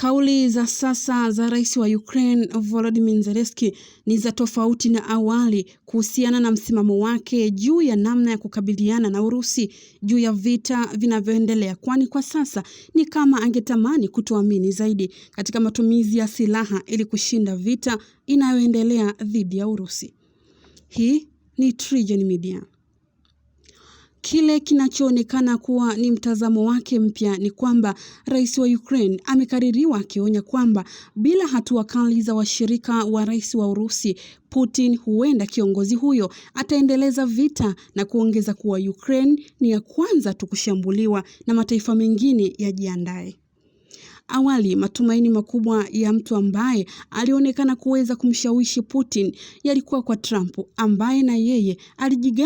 Kauli za sasa za rais wa Ukraine Volodymyr Zelensky ni za tofauti na awali kuhusiana na msimamo wake juu ya namna ya kukabiliana na Urusi juu ya vita vinavyoendelea, kwani kwa sasa ni kama angetamani kutoamini zaidi katika matumizi ya silaha ili kushinda vita inayoendelea dhidi ya Urusi. Hii ni TriGen Media. Kile kinachoonekana kuwa ni mtazamo wake mpya ni kwamba rais wa Ukraine amekaririwa akionya kwamba bila hatua kali za washirika wa rais wa Urusi Putin, huenda kiongozi huyo ataendeleza vita na kuongeza kuwa Ukraine ni ya kwanza tu kushambuliwa na mataifa mengine yajiandae. Awali matumaini makubwa ya mtu ambaye alionekana kuweza kumshawishi Putin yalikuwa kwa Trump ambaye na yeye alijiga